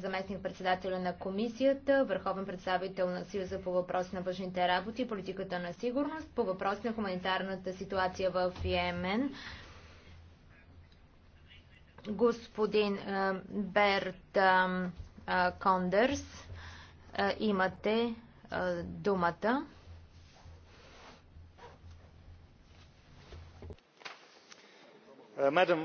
заместник председателя на комисията, върховен представител на Съюза по въпрос на външните работи и политиката на сигурност, по въпрос на хуманитарната ситуация в Йемен, господин е, Берт е, е, Кондърс. Имате думата. Madam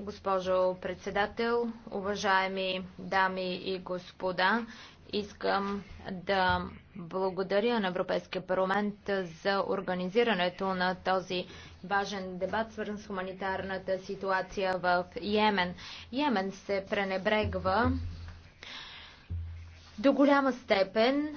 Госпожо председател, уважаеми дами и господа, искам да благодаря на Европейския парламент за организирането на този важен дебат, свързан с хуманитарната ситуация в Йемен. Йемен се пренебрегва до голяма степен.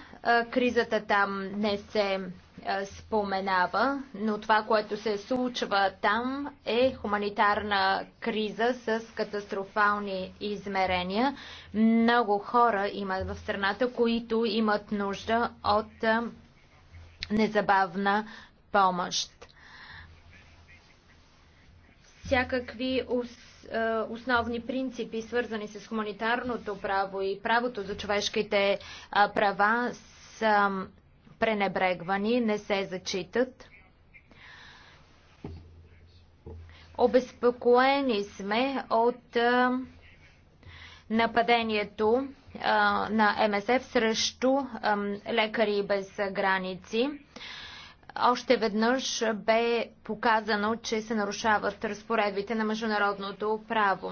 Кризата там не се е, споменава, но това, което се случва там е хуманитарна криза с катастрофални измерения. Много хора има в страната, които имат нужда от е, незабавна помощ. Всякакви е, основни принципи, свързани с хуманитарното право и правото за човешките права, са пренебрегвани, не се зачитат. Обезпокоени сме от нападението на МСФ срещу лекари без граници. Още веднъж бе показано, че се нарушават разпоредбите на международното право.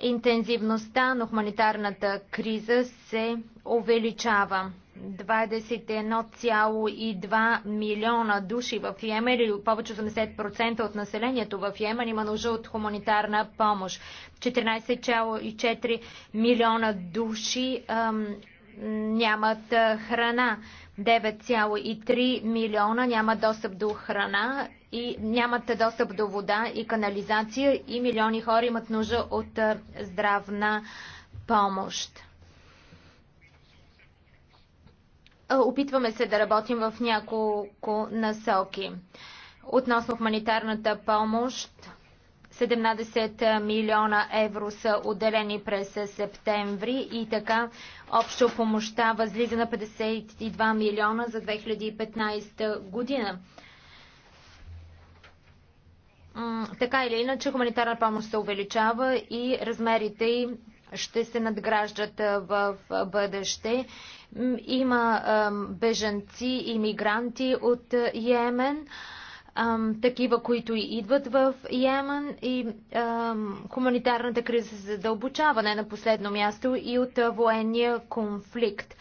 Интензивността на хуманитарната криза се увеличава. 21,2 милиона души в Йемен или повече 80% от населението в Йемен има нужда от хуманитарна помощ. 14,4 милиона души ам, нямат храна. 9,3 милиона нямат достъп до храна и нямат достъп до вода и канализация и милиони хора имат нужда от здравна помощ. Опитваме се да работим в няколко насоки. Относно хуманитарната помощ, 17 милиона евро са отделени през септември и така общо помощта възлиза на 52 милиона за 2015 година. Така или иначе, хуманитарна помощ се увеличава и размерите й ще се надграждат в бъдеще. Има бежанци и мигранти от Йемен, такива, които и идват в Йемен и хуманитарната криза се задълбочава не на последно място и от военния конфликт.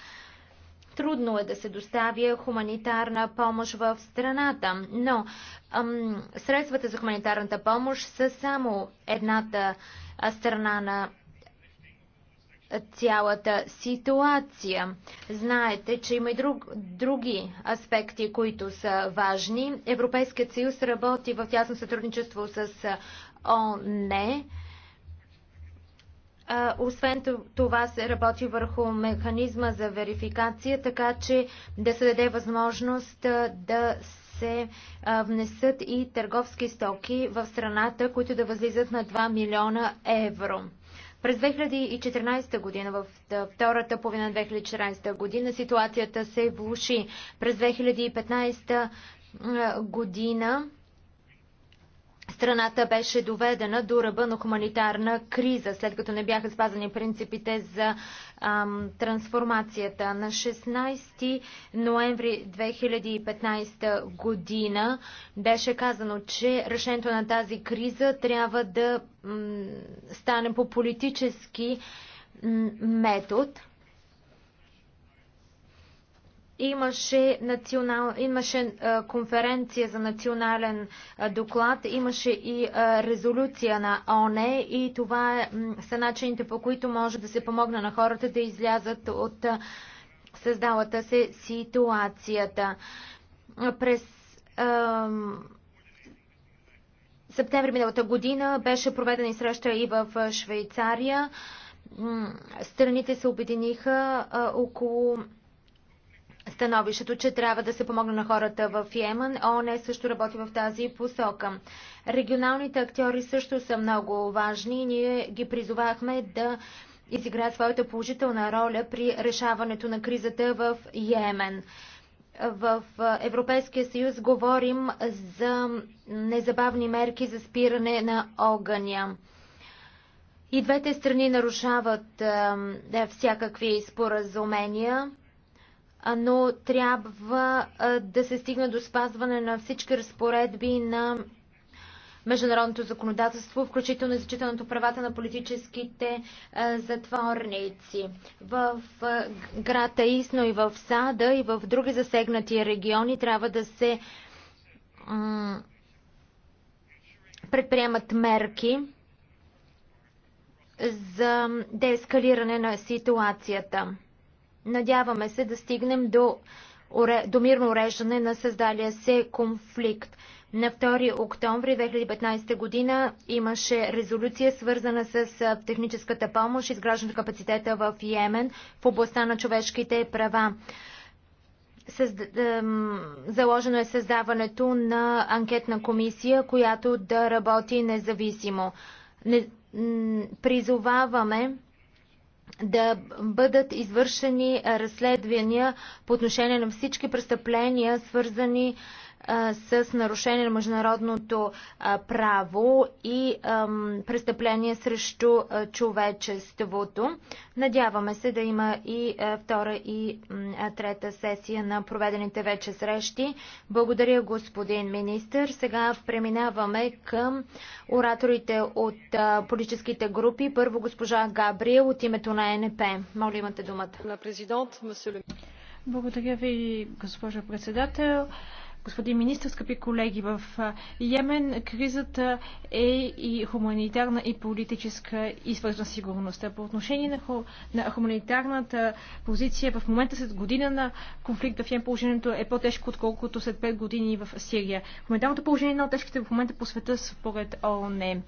Трудно е да се доставя хуманитарна помощ в страната, но ам, средствата за хуманитарната помощ са само едната страна на цялата ситуация. Знаете, че има и друг, други аспекти, които са важни. Европейският съюз работи в тясно сътрудничество с ОНЕ. Освен това се работи върху механизма за верификация, така че да се даде възможност да се внесат и търговски стоки в страната, които да възлизат на 2 милиона евро. През 2014 година, в втората половина на 2014 година, ситуацията се влуши. През 2015 година Страната беше доведена до ръба на хуманитарна криза, след като не бяха спазани принципите за ам, трансформацията. На 16 ноември 2015 година беше казано, че решението на тази криза трябва да м, стане по политически м, метод. Имаше, национал, имаше конференция за национален доклад, имаше и резолюция на ОНЕ и това е, са начините по които може да се помогне на хората да излязат от създалата се ситуацията. През е, септември миналата година беше проведена и среща и в Швейцария. Страните се обединиха около становището, че трябва да се помогне на хората в Йемен. ООН също работи в тази посока. Регионалните актьори също са много важни и ние ги призовахме да изиграят своята положителна роля при решаването на кризата в Йемен. В Европейския съюз говорим за незабавни мерки за спиране на огъня. И двете страни нарушават всякакви споразумения но трябва да се стигне до спазване на всички разпоредби на международното законодателство, включително и зачитането правата на политическите затворници. В град Таисно и в Сада и в други засегнати региони трябва да се предприемат мерки за деескалиране на ситуацията. Надяваме се да стигнем до, до мирно уреждане на създалия се конфликт. На 2 октомври 2015 година имаше резолюция, свързана с техническата помощ, изграждането капацитета в Йемен в областта на човешките права. Създ... Заложено е създаването на анкетна комисия, която да работи независимо. Не... Призоваваме да бъдат извършени разследвания по отношение на всички престъпления, свързани с с нарушение на международното право и престъпление срещу човечеството. Надяваме се да има и втора и трета сесия на проведените вече срещи. Благодаря, господин министр. Сега преминаваме към ораторите от политическите групи. Първо госпожа Габриел от името на НП. Моля, имате думата. Благодаря ви, госпожо председател. Господин министр, скъпи колеги, в Йемен кризата е и хуманитарна, и политическа, и свързана сигурността. По отношение на, ху... на хуманитарната позиция, в момента след година на конфликта в Йемен положението е по-тежко, отколкото след 5 години в Сирия. Хуманитарното положение е на тежките в момента по света според ООН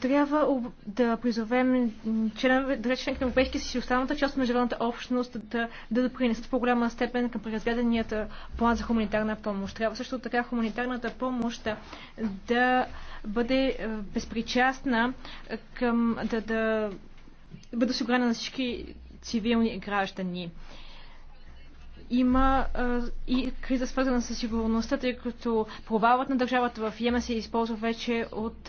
трябва да призовем членовете, на Европейския съюз и останалата част от международната общност да, да допринесат в по-голяма степен към преразгледанията план за хуманитарна помощ. Трябва също така хуманитарната помощ да, да бъде безпричастна към да, да бъде осигурена на всички цивилни граждани има а, и криза свързана с сигурността, тъй като провалът на държавата в Йемен се използва вече от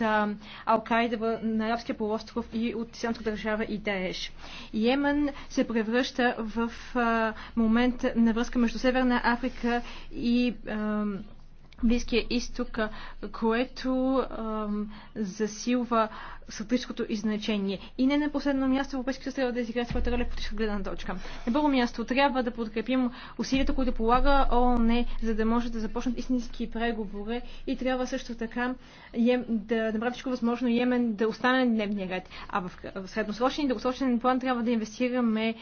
Ал-Каида на Арабския полуостров и от Исламска държава и Даеш. Йемен се превръща в а, момент на връзка между Северна Африка и а, Близкия изток, което а, засилва сатирското изначение. И не на последно място Европейския съюз трябва да изиграе своята роля в политическа гледна точка. На първо място трябва да подкрепим усилията, които полага ООН, за да може да започнат истински преговори и трябва също така да направи всичко възможно Йемен да остане дневния ред. А в, средносрочен и дългосрочен план трябва да инвестираме е,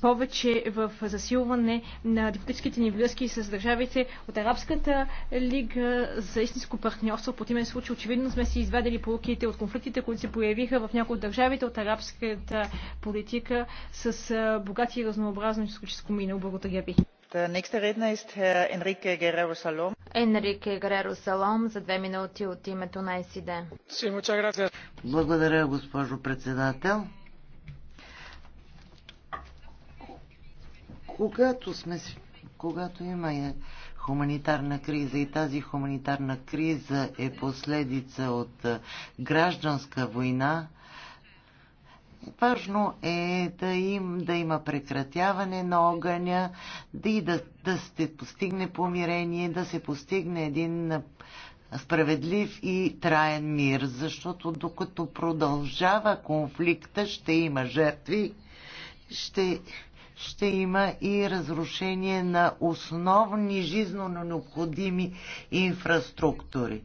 повече в засилване на дипломатическите ни връзки с държавите от Арабската лига за истинско партньорство. По противен случай очевидно сме си извадили полуките от конфликтите, които се появиха в някои от държавите от арабската политика с богати и разнообразно историческо минало. Благодаря ви. Е е, Енрике Гереро Салом за две минути от името на СИД. Благодаря, госпожо председател. Когато сме когато има е, хуманитарна криза и тази хуманитарна криза е последица от гражданска война, Важно е да, им, да има прекратяване на огъня, да и да, да се постигне помирение, да се постигне един справедлив и траен мир, защото докато продължава конфликта, ще има жертви, ще ще има и разрушение на основни жизненно необходими инфраструктури.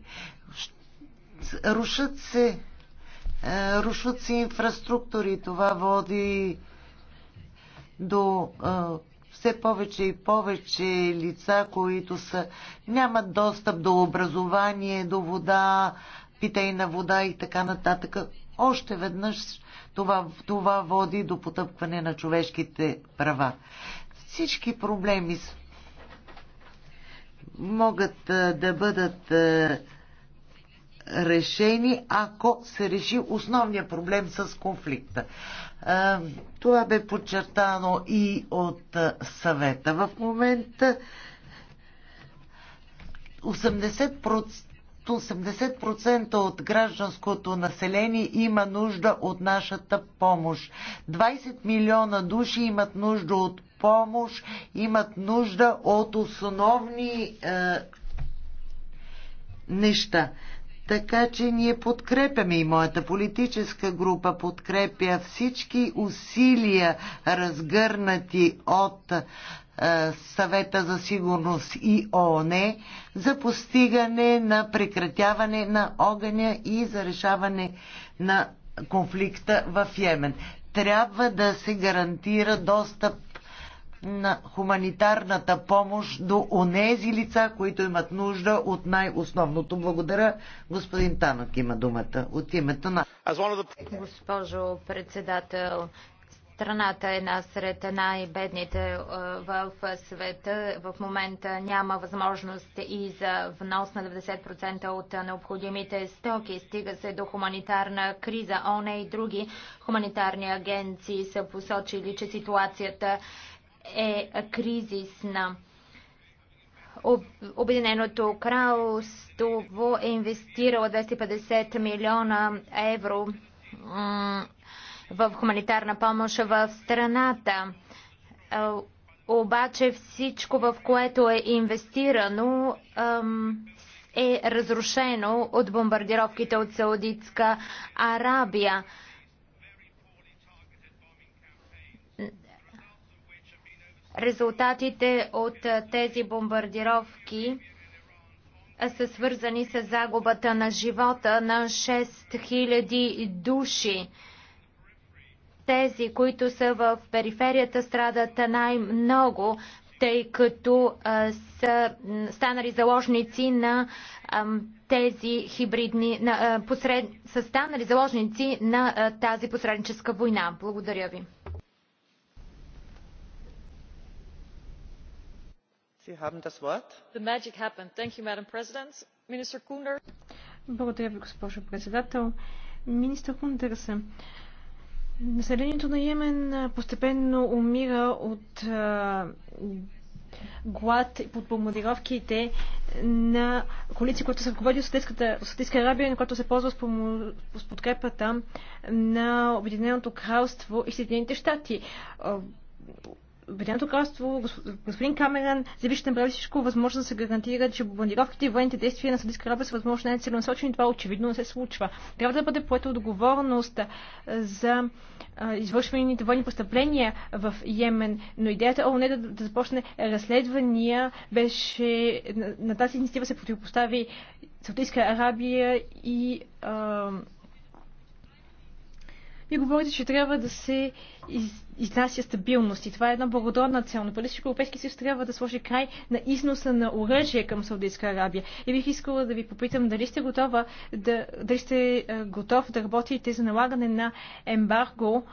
Рушат се, е, рушат се инфраструктури. Това води до е, все повече и повече лица, които са, нямат достъп до образование, до вода, питейна вода и така нататък. Още веднъж това, това води до потъпкване на човешките права. Всички проблеми могат да бъдат решени, ако се реши основния проблем с конфликта. Това бе подчертано и от съвета. В момента 80%, 80% от гражданското население има нужда от нашата помощ. 20 милиона души имат нужда от помощ, имат нужда от основни е, неща. Така че ние подкрепяме и моята политическа група подкрепя всички усилия, разгърнати от е, съвета за сигурност и ООН за постигане на прекратяване на огъня и за решаване на конфликта в Йемен. Трябва да се гарантира достъп на хуманитарната помощ до онези лица, които имат нужда от най-основното. Благодаря. Господин Танок, има думата от името на... Госпожо председател, Страната е една сред най-бедните е, в света. В момента няма възможност и за внос на 90% от необходимите стоки. Стига се до хуманитарна криза. ОНЕ и други хуманитарни агенции са посочили, че ситуацията е кризисна. Обединеното кралство е инвестирало 250 милиона евро в хуманитарна помощ в страната. Обаче всичко, в което е инвестирано, е разрушено от бомбардировките от Саудитска Арабия. Резултатите от тези бомбардировки са свързани с загубата на живота на 6000 души. Тези, които са в периферията, страдат най-много, тъй като а, са станали заложници на а, тези хибридни, на, а, посред, са станали заложници на а, тази посредническа война. Благодаря ви. You, Благодаря ви, госпожо председател. Министър Кундерсен, Населението на Йемен постепенно умира от а, глад под помодировките на коалиция, която се ръководи от Саудитска Арабия, на която се ползва с подкрепата на Обединеното кралство и Съединените щати Обединеното кралство, господин Камеран, заяви, ще направи всичко възможно да се гарантира, че бомбардировките и военните действия на Съдийска Арабия са възможно най-целенасочени. Това очевидно не се случва. Трябва да бъде поета отговорност за извършваните военни престъпления в Йемен, но идеята е ООН да, да започне разследвания беше на, на тази инициатива се противопостави Саудитска Арабия и а, вие говорите, че трябва да се из, изнася стабилност и това е една благодарна цел. Но Палестински Европейски съюз трябва да сложи край на износа на оръжие към Саудитска Арабия. И бих искала да ви попитам дали сте готова да, дали сте е, готов да работите за налагане на ембарго,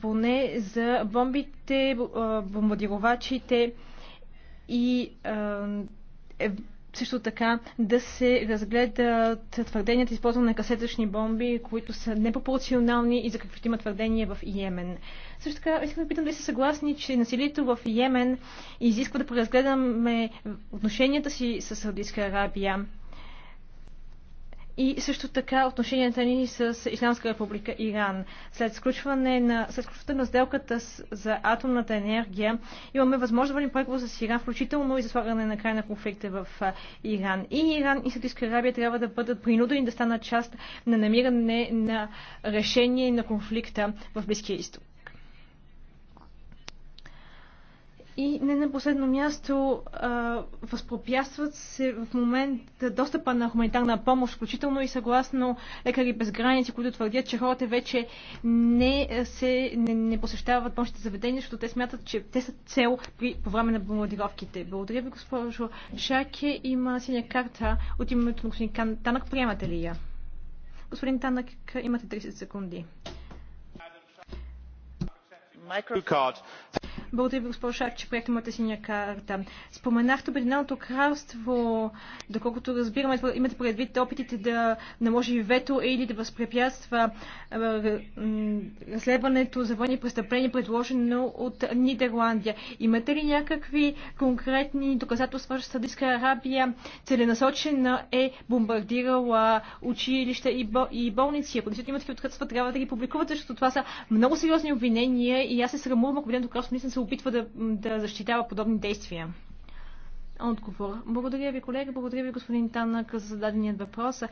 поне за бомбите, е, бомбардировачите и е, също така да се разгледат твърденията, използване на касетъчни бомби, които са непропорционални и за каквито има твърдения в Йемен. Също така, искам да питам дали са съгласни, че насилието в Йемен изисква да преразгледаме отношенията си с Саудитска Арабия и също така отношенията ни с Исламска република Иран. След сключване на, след сключване на сделката с, за атомната енергия имаме възможност да водим с Иран, включително и за слагане на край на конфликта в Иран. И Иран и Саудитска Арабия трябва да бъдат принудени да станат част на намиране на решение на конфликта в Близкия изток. И не на последно място а, възпропятстват се в момента достъпа на хуманитарна помощ, включително и съгласно лекари без граници, които твърдят, че хората вече не, се, не, не посещават помощните заведения, защото те смятат, че те са цел при, по време на бомбардировките. Благодаря ви, госпожо Шаке. Има синя карта от името на господин Танък. Приемате ли я? Господин Танък, имате 30 секунди. Благодаря ви, госпожо Шак, че приехте моята синя карта. Споменахте Обединеното кралство, доколкото разбираме, имате предвид опитите да наложи вето или да възпрепятства разследването за военни престъпления, предложено от Нидерландия. Имате ли някакви конкретни доказателства, че Саудитска Арабия целенасочена е бомбардирала училища и, и болници? Ако не имате такива трябва да ги публикувате, защото това са много сериозни обвинения и и аз се срамувам, ако Обединеното кралство наистина се опитва да, да защитава подобни действия. Отговор. Благодаря ви, колега. Благодаря ви, господин Танък, за зададеният въпрос.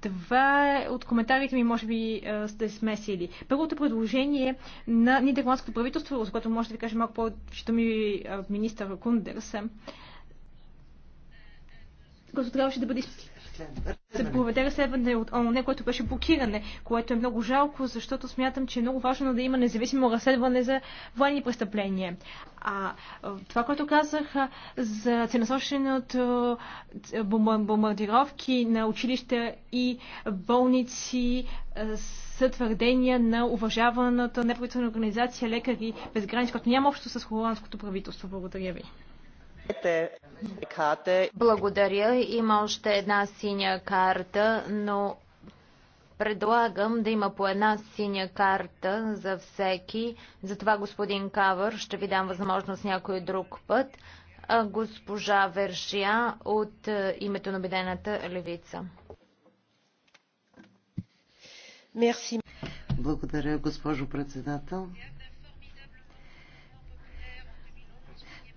Това от коментарите ми, може би, сте смесили. Първото предложение на нидерландското правителство, за което може да ви кажа малко повечето ми министър Кундерс, който трябваше да бъде се поведе разследване от ООН, което беше блокиране, което е много жалко, защото смятам, че е много важно да има независимо разследване за военни престъпления. А това, което казах за ценасоченото бомбардировки на училища и болници с твърдения на уважаваната неправителна организация Лекари без граници, което няма общо с холандското правителство. Благодаря ви. Благодаря. Има още една синя карта, но предлагам да има по една синя карта за всеки. Затова, господин Кавър, ще ви дам възможност някой друг път. Госпожа Вершия от е, името на Обедената левица. Благодаря, госпожо председател.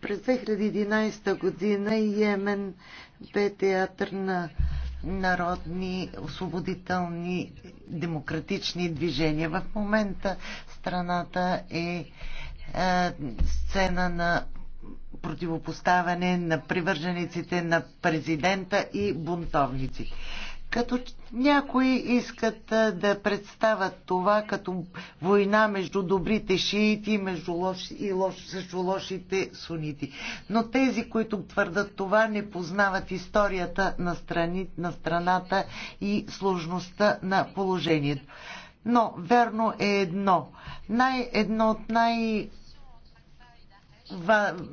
През 2011 година Йемен бе театър на народни, освободителни, демократични движения. В момента страната е, е сцена на противопоставяне на привържениците на президента и бунтовници като някои искат да представят това като война между добрите шиити между лош, и лош, също лошите сунити. Но тези, които твърдат това, не познават историята на, страни, на страната и сложността на положението. Но верно е едно. Най, едно от най-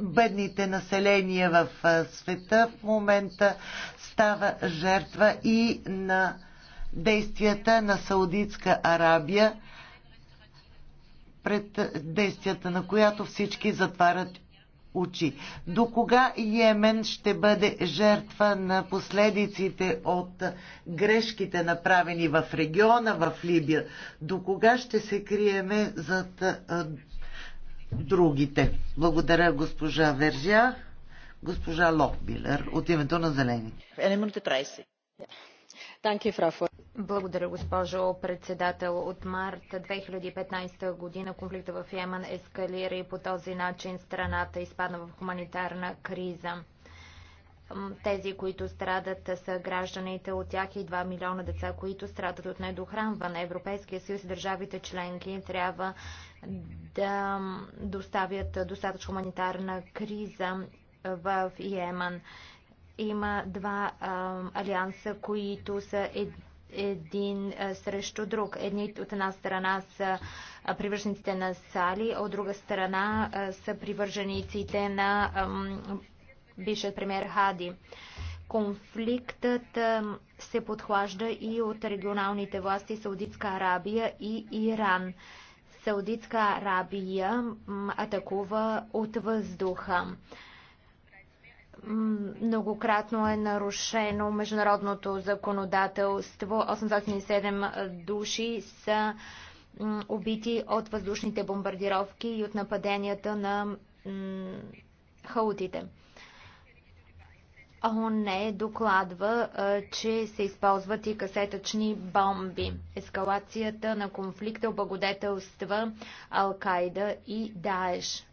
бедните населения в света в момента става жертва и на действията на Саудитска Арабия, пред действията на която всички затварят очи. До кога Йемен ще бъде жертва на последиците от грешките направени в региона, в Либия? До кога ще се криеме зад другите? Благодаря, госпожа Вержя госпожа Лохбилер от името на Зелени. Благодаря, госпожо председател. От март 2015 година конфликта в Йемен ескалира и по този начин страната изпадна в хуманитарна криза. Тези, които страдат, са гражданите от тях и 2 милиона деца, които страдат от недохранване. Европейския съюз и държавите членки трябва да доставят достатъчно хуманитарна криза в Йемен. Има два а, алианса, които са ед, един а, срещу друг. Едни от една страна са привържениците на Сали, от друга страна а, са привържениците на бившият премьер Хади. Конфликтът се подхлажда и от регионалните власти Саудитска Арабия и Иран. Саудитска Арабия атакува от въздуха многократно е нарушено международното законодателство. 807 души са убити от въздушните бомбардировки и от нападенията на хаутите. ООН докладва, че се използват и касетъчни бомби. Ескалацията на конфликта облагодетелства Ал-Кайда и Даеш.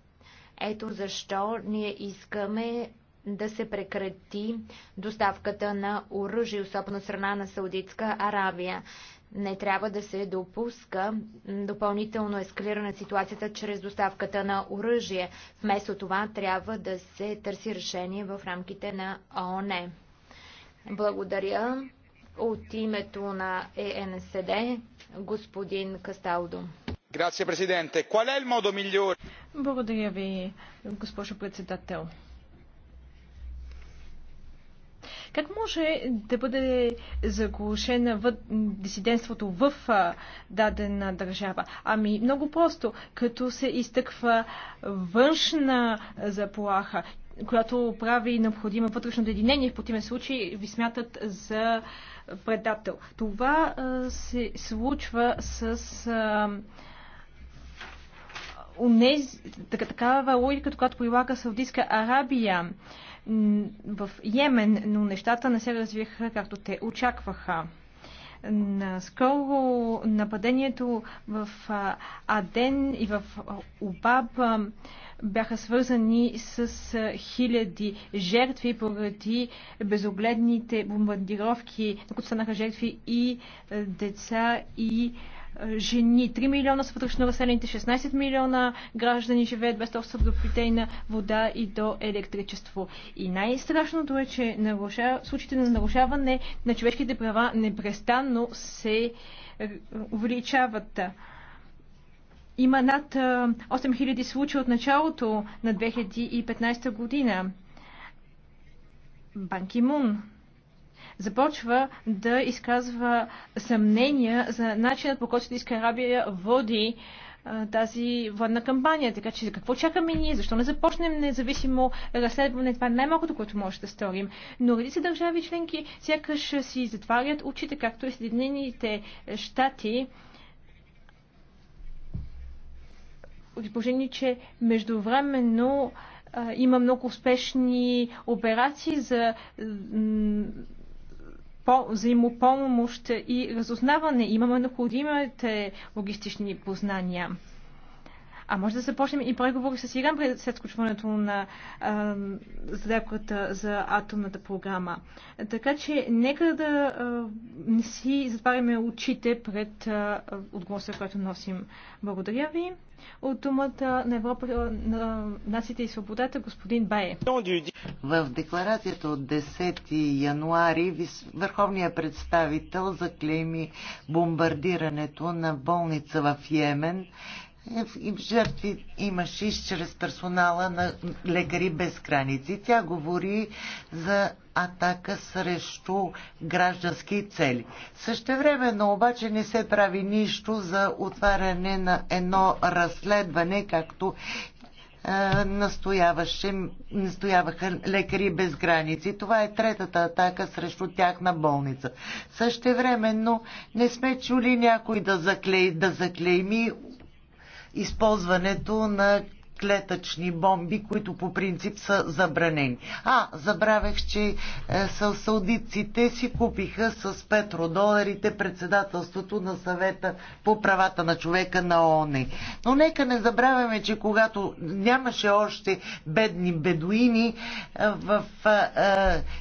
Ето защо ние искаме да се прекрати доставката на оръжие, особено страна на Саудитска Аравия. Не трябва да се допуска допълнително ескалиране на ситуацията чрез доставката на оръжие. Вместо това трябва да се търси решение в рамките на ООН. Благодаря от името на ЕНСД господин Касталдо. Благодаря ви, госпожо председател. Как може да бъде заглушена въд... дисидентството в дадена държава? Ами много просто, като се изтъква външна заплаха, която прави необходимо вътрешно единение, в противен случай ви смятат за предател. Това а, се случва с а, унез, такава логика, която прилага Саудитска Арабия в Йемен, но нещата не се развиха както те очакваха. Наскоро нападението в Аден и в Обаб бяха свързани с хиляди жертви поради безогледните бомбардировки, на които станаха жертви и деца и жени, 3 милиона са вътрешно населените, 16 милиона граждани живеят без достъп до питейна вода и до електричество. И най-страшното е, че наруша... случаите на нарушаване на човешките права непрестанно се е, увеличават. Има над 8000 е, случаи от началото на 2015 година. Банки Мун започва да изказва съмнения за начинът по който Саудитска Арабия води тази военна кампания. Така че какво чакаме ние? Защо не започнем независимо разследване? Това е най-малкото, което може да сторим. Но редица държави членки сякаш си затварят очите, както и Съединените щати. Положение, че междувременно има много успешни операции за по взаимопомощ и разузнаване. Имаме необходимите логистични познания. А може да започнем и преговори с Иран пред след сключването на а, заявката за атомната програма. Така че нека да а, не си затваряме очите пред отговорността, която носим. Благодаря ви. От думата на Европа на нациите и свободата, господин Бае. В декларацията от 10 януари върховният представител заклейми бомбардирането на болница в Йемен и е, жертви имаше чрез персонала на Лекари без граници. Тя говори за атака срещу граждански цели. Същевременно обаче не се прави нищо за отваряне на едно разследване, както е, настояваше, настояваха лекари без граници. Това е третата атака срещу тях на болница. Същевременно не сме чули някой да, заклей, да заклейми използването на клетъчни бомби, които по принцип са забранени. А, забравях, че е, саудитците си купиха с петродоларите председателството на съвета по правата на човека на ООН. Но нека не забравяме, че когато нямаше още бедни бедуини, е, в е,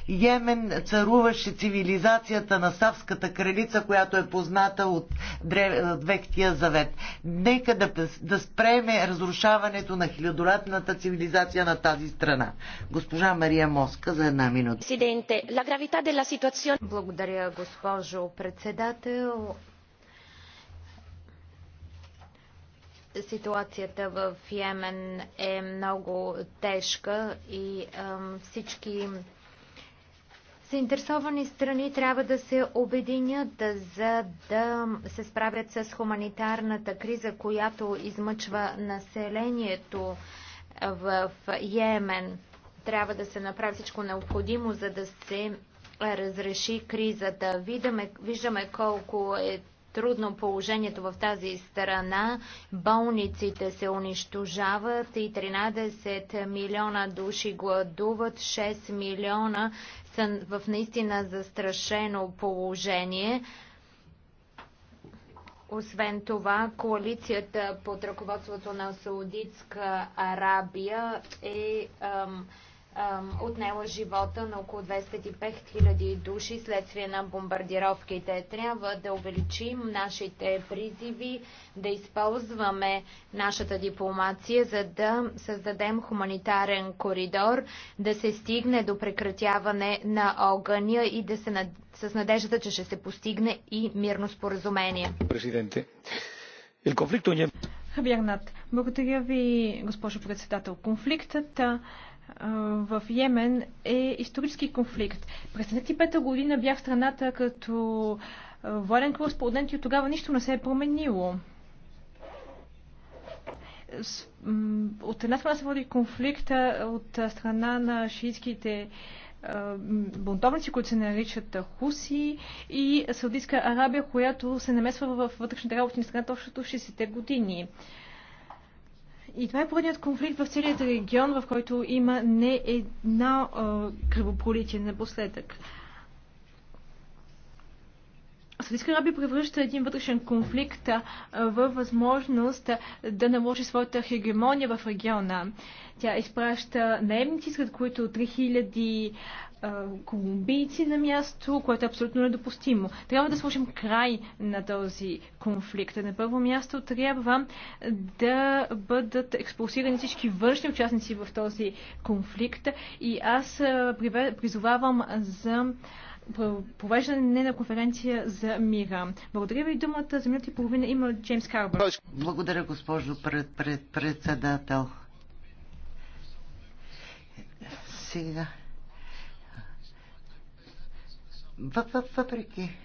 е, Йемен царуваше цивилизацията на Савската кралица, която е позната от Древ... Вектия завет. Нека да, да спреме разрушаването на следолетната цивилизация на тази страна. Госпожа Мария Моска за една минута. Благодаря, госпожо председател. Ситуацията в Йемен е много тежка и всички Заинтересовани страни трябва да се обединят, за да се справят с хуманитарната криза, която измъчва населението в Йемен. Трябва да се направи всичко необходимо, за да се разреши кризата. Видаме, виждаме колко е трудно положението в тази страна. Болниците се унищожават и 13 милиона души гладуват, 6 милиона са в наистина застрашено положение. Освен това, коалицията под ръководството на Саудитска Арабия е ам, отнела живота на около 25 000 души следствие на бомбардировките. Трябва да увеличим нашите призиви, да използваме нашата дипломация, за да създадем хуманитарен коридор, да се стигне до прекратяване на огъня и да се над... с надеждата, че ще се постигне и мирно споразумение. Президенте, е... благодаря ви, госпожо председател. Конфликтът в Йемен е исторически конфликт. През 1975 година бях страната като военен кореспондент и от тогава нищо не се е променило. От една страна се води конфликта от страна на шиитските бунтовници, които се наричат Хуси и Саудитска Арабия, която се намесва във вътрешните работи на страната още 60-те години. И това е поредният конфликт в целият регион, в който има не една кръвопролитие напоследък. Саудитска Арабия превръща един вътрешен конфликт в възможност да наложи своята хегемония в региона. Тя изпраща наемници, сред които 3000 колумбийци на място, което е абсолютно недопустимо. Трябва да сложим край на този конфликт. На първо място трябва да бъдат експулсирани всички външни участници в този конфликт и аз призовавам за провеждане на конференция за мира. Благодаря ви думата. За минута и половина има Джеймс Харбър. Благодаря, госпожо пред, пред, председател. Сега въпреки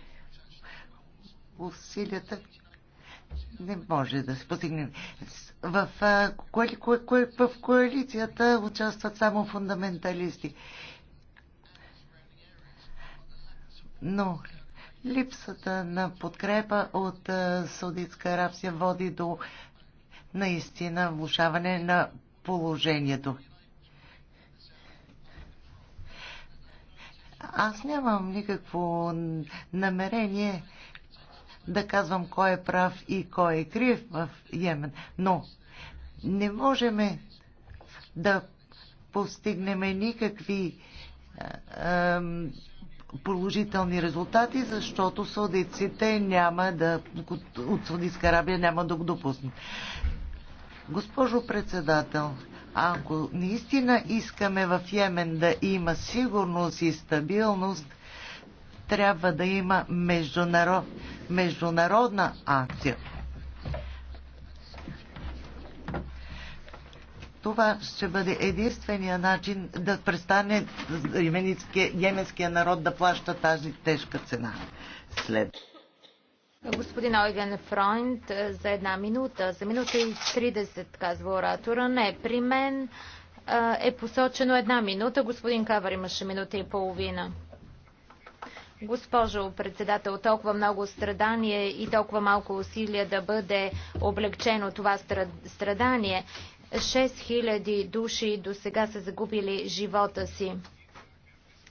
усилията не може да се постигне. В, в, в коалицията участват само фундаменталисти. Но липсата на подкрепа от Саудитска Арабия води до наистина влушаване на положението. Аз нямам никакво намерение да казвам кой е прав и кой е крив в Йемен, но не можем да постигнем никакви положителни резултати, защото судиците няма да, от Судийска Арабия няма да го допуснат. Госпожо председател, ако наистина искаме в Йемен да има сигурност и стабилност, трябва да има международ, международна акция. Това ще бъде единствения начин да престане йеменския народ да плаща тази тежка цена. След. Господин Ойген Фройнд, е, за една минута, за минута и 30, казва оратора. Не, при мен е, е посочено една минута. Господин Кавър имаше минута и половина. Госпожо председател, толкова много страдание и толкова малко усилия да бъде облегчено това страдание. 6000 души до сега са загубили живота си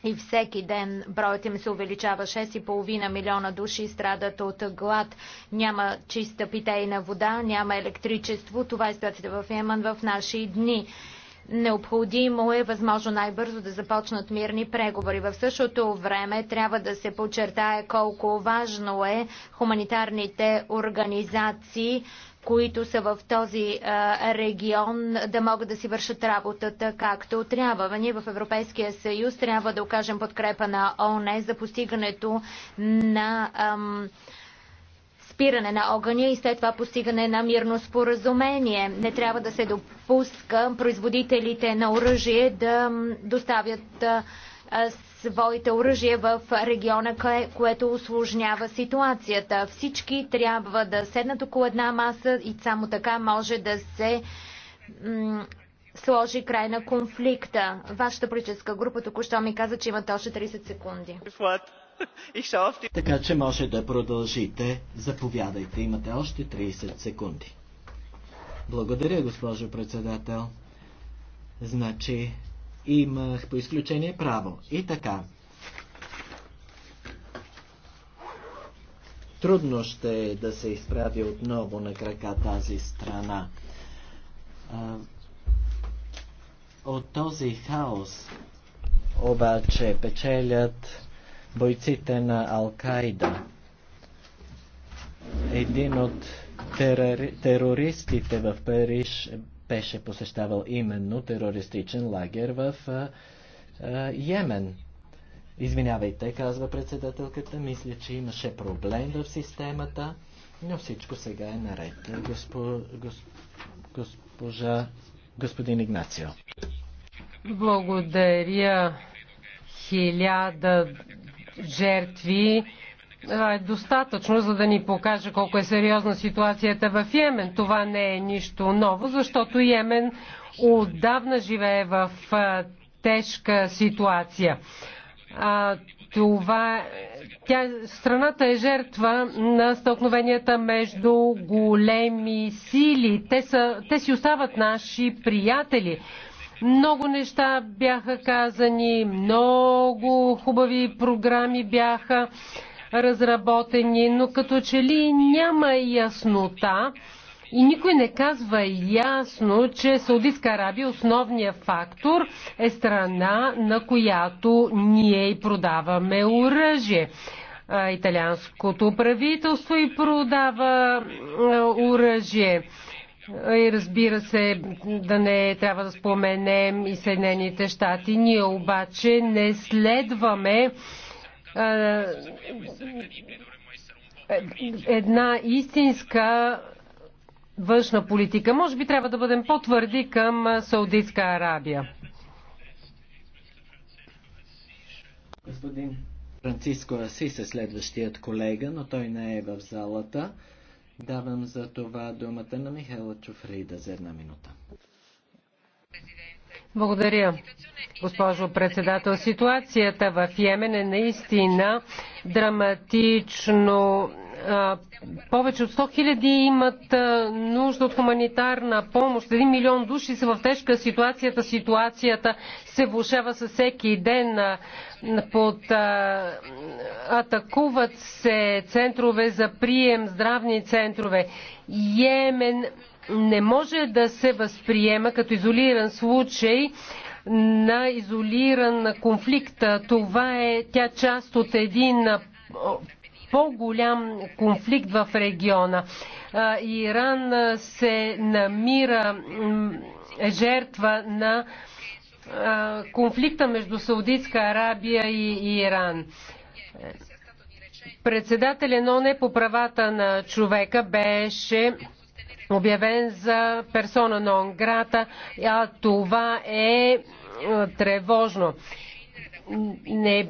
и всеки ден броят им се увеличава. 6,5 милиона души страдат от глад. Няма чиста питейна вода, няма електричество. Това е ситуацията в Йемен в наши дни. Необходимо е възможно най-бързо да започнат мирни преговори. В същото време трябва да се подчертае колко важно е хуманитарните организации които са в този регион, да могат да си вършат работата както трябва. Ние в Европейския съюз трябва да окажем подкрепа на ООН за постигането на ам, спиране на огъня и след това постигане на мирно споразумение. Не трябва да се допуска производителите на оръжие да доставят а, своите оръжия в региона, което осложнява ситуацията. Всички трябва да седнат около една маса и само така може да се сложи край на конфликта. Вашата политическа група току-що ми каза, че имате още 30 секунди. Така че може да продължите. Заповядайте. Имате още 30 секунди. Благодаря, госпожо председател. Значи, имах по изключение право. И така. Трудно ще е да се изправи отново на крака тази страна. От този хаос обаче печелят бойците на Алкайда. Един от терори... терористите в Париж беше посещавал именно терористичен лагер в а, а, Йемен. Извинявайте, казва председателката, мисля, че имаше проблем в системата, но всичко сега е наред. Госпо, госп, госпожа, господин Игнацио. Благодаря. Хиляда жертви е достатъчно, за да ни покаже колко е сериозна ситуацията в Йемен. Това не е нищо ново, защото Йемен отдавна живее в тежка ситуация. А, това, тя, страната е жертва на стълкновенията между големи сили. Те, са, те си остават наши приятели. Много неща бяха казани, много хубави програми бяха разработени, но като че ли няма яснота и никой не казва ясно, че Саудитска Арабия, основният фактор, е страна, на която ние и продаваме оръжие. Италианското правителство и продава оръжие. И разбира се, да не трябва да споменем и Съединените щати. Ние обаче не следваме една истинска външна политика. Може би трябва да бъдем по-твърди към Саудитска Арабия. Господин Франциско Асис е следващият колега, но той не е в залата. Давам за това думата на Михайла Чуфрида за една минута. Благодаря, госпожо председател. Ситуацията в Йемен е наистина драматично. Повече от 100 хиляди имат нужда от хуманитарна помощ. Един милион души са в тежка ситуация. Ситуацията се влушава със всеки ден. Под, а, атакуват се центрове за прием, здравни центрове. Йемен не може да се възприема като изолиран случай на изолиран конфликт. Това е тя част от един по-голям конфликт в региона. Иран се намира жертва на конфликта между Саудитска Арабия и Иран. Председателя на ОНЕ по правата на човека беше обявен за персона нон грата, а това е, е тревожно. Не,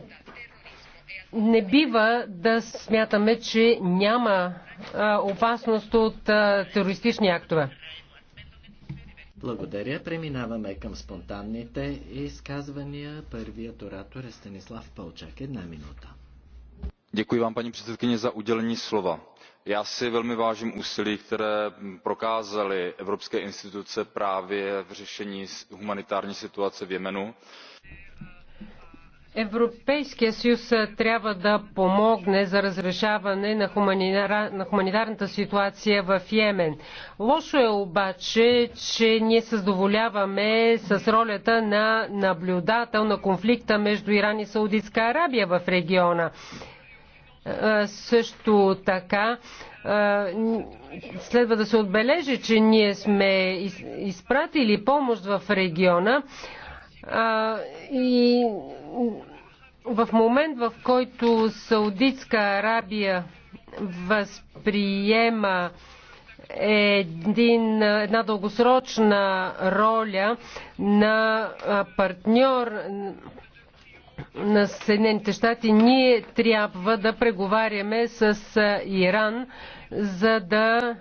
не бива да смятаме, че няма опасност от терористични актове. Благодаря. Преминаваме към спонтанните изказвания. Първият оратор е Станислав Пълчак. Една минута. Děkuji vám, paní předsedkyně, za udělení slova já si velmi vážím úsilí které prokázaly evropské instituce právě v řešení humanitární situace v jemenu. Европейския съюз е, трябва да помогне за разрешаване на, хуманитар... на хуманитарната ситуация в Йемен. Лошо е обаче, че ние се задоволяваме с ролята на наблюдател на конфликта между Иран и Саудитска Арабия в региона. Също така следва да се отбележи, че ние сме изпратили помощ в региона и в момент, в който Саудитска Арабия възприема един, една дългосрочна роля на партньор на Съединените щати, ние трябва да преговаряме с Иран, за да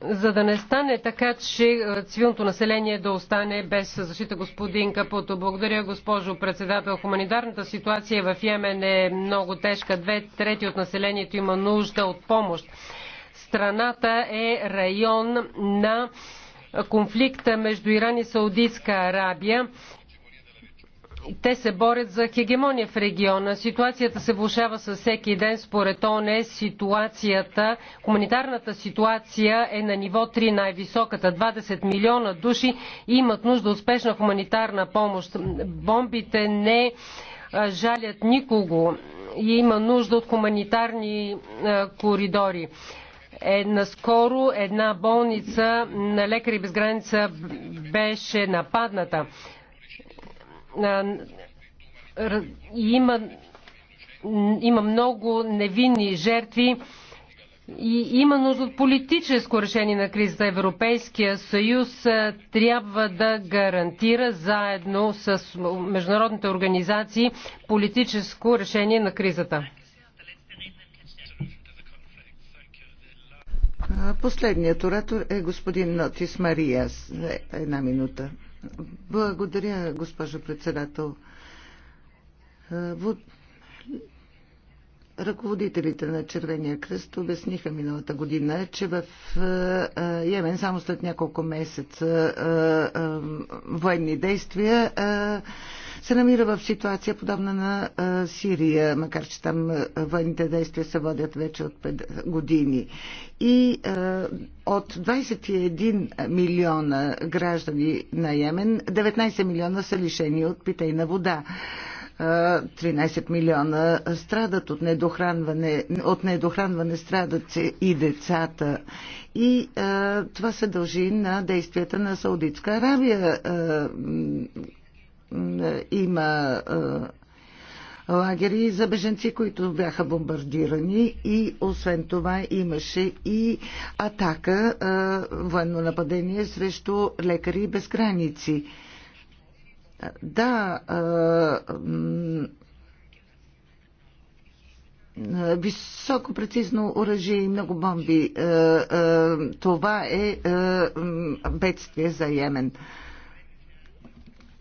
за да не стане така, че цивилното население да остане без защита господин Капуто. Благодаря, госпожо председател. Хуманитарната ситуация в Йемен е много тежка. Две трети от населението има нужда от помощ. Страната е район на конфликта между Иран и Саудитска Арабия. Те се борят за хегемония в региона. Ситуацията се влушава със всеки ден. Според ОНЕ ситуацията, хуманитарната ситуация е на ниво 3, най-високата. 20 милиона души имат нужда от спешна хуманитарна помощ. Бомбите не жалят никого и има нужда от хуманитарни коридори е, наскоро една болница на лекари без граница беше нападната. Има, има много невинни жертви и има нужда от политическо решение на кризата. Европейския съюз трябва да гарантира заедно с международните организации политическо решение на кризата. Последният оратор е господин Нотис Мария. Една минута. Благодаря, госпожо председател. Ръководителите на Червения кръст обясниха миналата година, че в Йемен само след няколко месеца военни действия се намира в ситуация подобна на Сирия, макар че там военните действия се водят вече от 5 години. И от 21 милиона граждани на Йемен, 19 милиона са лишени от питейна вода. 13 милиона страдат от недохранване, от недохранване страдат и децата. И а, това се дължи на действията на Саудитска Аравия. А, има а, лагери за беженци, които бяха бомбардирани и освен това имаше и атака, а, военно нападение срещу лекари без граници. Да, високо прецизно оръжие и много бомби. Това е бедствие за Йемен.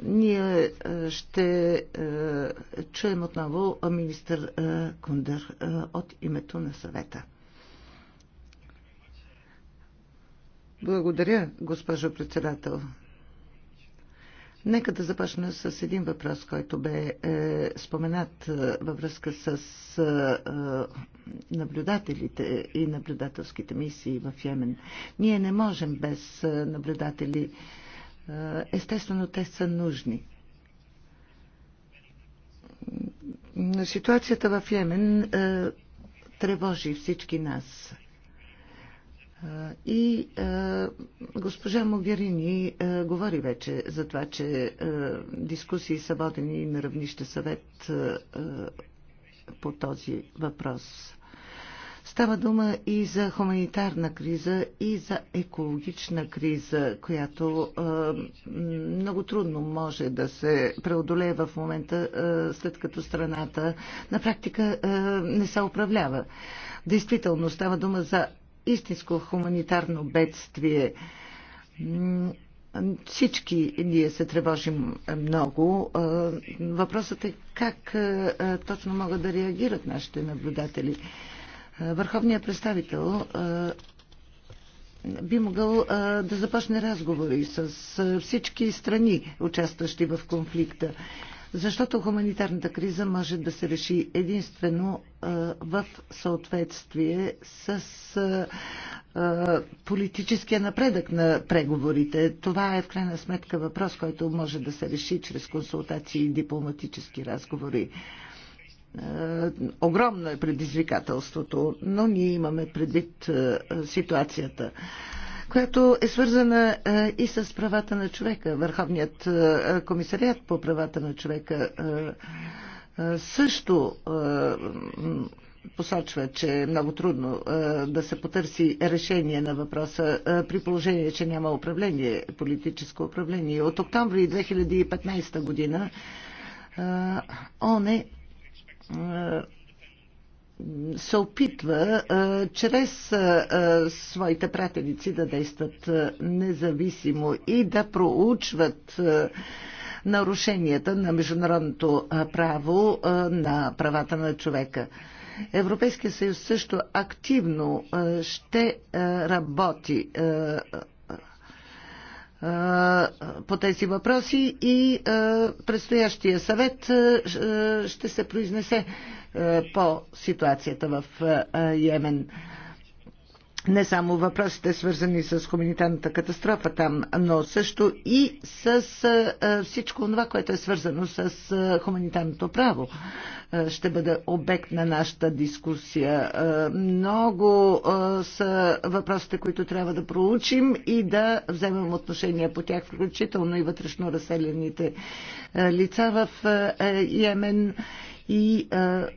Ние ще чуем отново министър Кундър от името на съвета. Благодаря, госпожо председател. Нека да започна с един въпрос, който бе е, споменат е, във връзка с е, е, наблюдателите и наблюдателските мисии в Йемен. Ние не можем без е, наблюдатели. Е, естествено, те са нужни. Ситуацията в Йемен е, тревожи всички нас. И а, е, госпожа Могерини а, е, говори вече за това, че а, е, дискусии са водени на равнище съвет а, по този въпрос. Става дума и за хуманитарна криза, и за екологична криза, която а, много трудно може да се преодолее в момента, а, след като страната на практика а, не се управлява. Действително става дума за истинско хуманитарно бедствие. Всички ние се тревожим много. Въпросът е как точно могат да реагират нашите наблюдатели. Върховният представител би могъл да започне разговори с всички страни, участващи в конфликта защото хуманитарната криза може да се реши единствено в съответствие с политическия напредък на преговорите. Това е в крайна сметка въпрос, който може да се реши чрез консултации и дипломатически разговори. Огромно е предизвикателството, но ние имаме предвид ситуацията която е свързана е, и с правата на човека. Върховният е, комисариат по правата на човека е, също посочва, че е много трудно да се потърси решение на въпроса при положение, че няма управление, политическо управление. От октомври 2015 година ОНЕ се опитва чрез своите пратеници да действат независимо и да проучват нарушенията на международното право на правата на човека. Европейския съюз също активно ще работи по тези въпроси и предстоящия съвет ще се произнесе по ситуацията в Йемен не само въпросите свързани с хуманитарната катастрофа там, но също и с всичко това, което е свързано с хуманитарното право. Ще бъде обект на нашата дискусия. Много са въпросите, които трябва да проучим и да вземем отношение по тях, включително и вътрешно разселените лица в Йемен и а,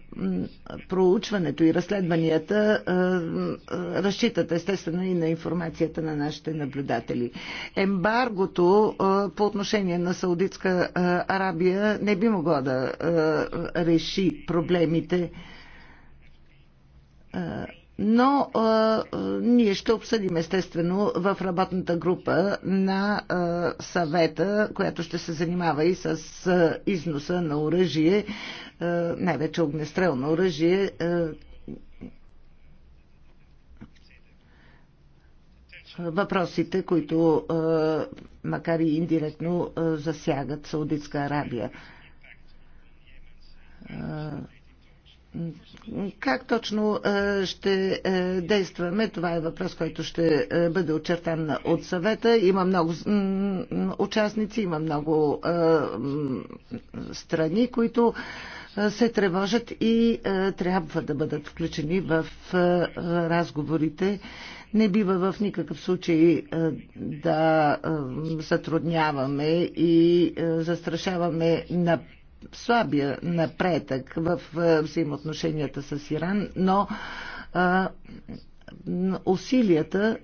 проучването и разследванията а, а, разчитат естествено и на информацията на нашите наблюдатели. Ембаргото а, по отношение на Саудитска а, Арабия не би могло да а, реши проблемите. А, но а, а, ние ще обсъдим естествено в работната група на а, съвета, която ще се занимава и с а, износа на оръжие е, най-вече огнестрелно оръжие. Е, въпросите, които е, макар и индиректно засягат Саудитска Арабия как точно ще действаме, това е въпрос, който ще бъде очертан от съвета. Има много участници, има много страни, които се тревожат и е, трябва да бъдат включени в е, разговорите. Не бива в никакъв случай е, да затрудняваме и застрашаваме на слабия напредък в взаимоотношенията с Иран, но усилията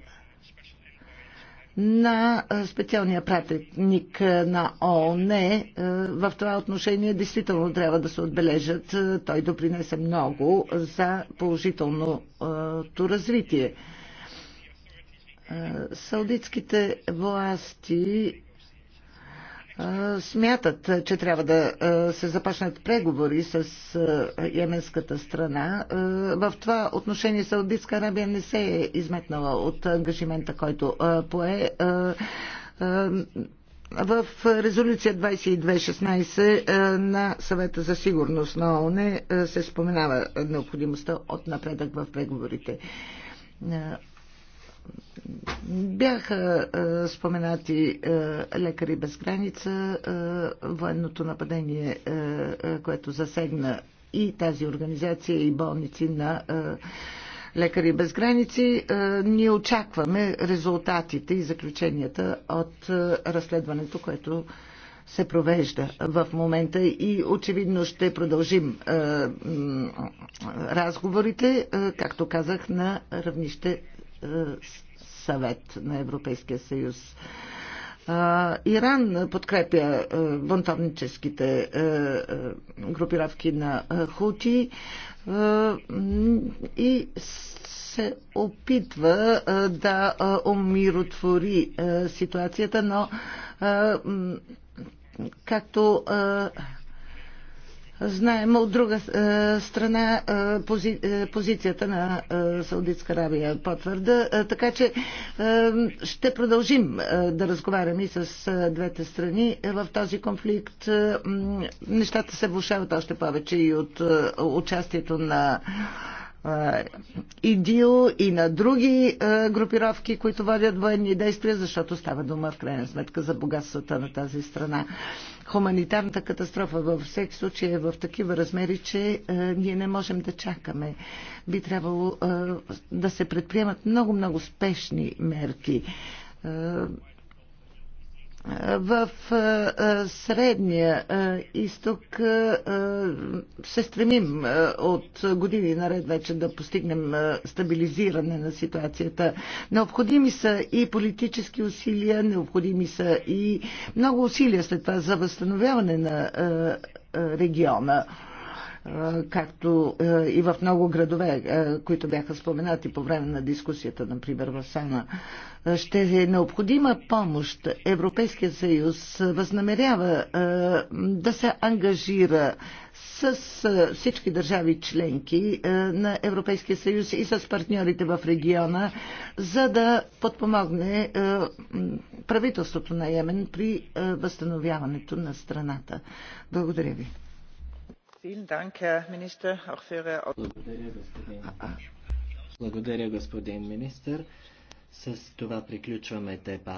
на специалния пратеник на ООН в това отношение действително трябва да се отбележат. Той допринесе много за положителното развитие. Саудитските власти смятат, че трябва да се започнат преговори с йеменската страна. В това отношение Саудитска Арабия не се е изметнала от ангажимента, който пое. В резолюция 2216 на съвета за сигурност на ООН се споменава необходимостта от напредък в преговорите. Бяха а, е, споменати а, е, лекари без граница, а, е, военното нападение, а, което засегна и тази организация и болници на а, лекари без граници. А, ние очакваме резултатите и заключенията от а, разследването, което се провежда в момента и очевидно ще продължим м, разговорите, а, както казах, на равнище съвет на Европейския съюз. Иран подкрепя бунтовническите групировки на хути и се опитва да умиротвори ситуацията, но както Знаем от друга е, страна е, пози, е, позицията на Саудитска Арабия потвърда, така че ще продължим да разговаряме и с двете страни в този конфликт. Нещата се влушават още повече и от участието на ИДИЛ и на други групировки, които водят военни действия, защото става дума в крайна сметка за богатствата на тази страна. Хуманитарната катастрофа във всеки случай е в такива размери, че ние не можем да чакаме. Би трябвало да се предприемат много-много спешни мерки в Средния изток се стремим от години наред вече да постигнем стабилизиране на ситуацията. Необходими са и политически усилия, необходими са и много усилия след това за възстановяване на региона както е, и в много градове, е, които бяха споменати по време на дискусията, например в Сана. Е, ще е необходима помощ. Европейския съюз възнамерява да се ангажира с всички държави членки на Европейския съюз и с партньорите в региона, за да подпомогне правителството на Йемен при възстановяването на страната. Благодаря ви. Благодаря, господин министър. С това приключваме дебата.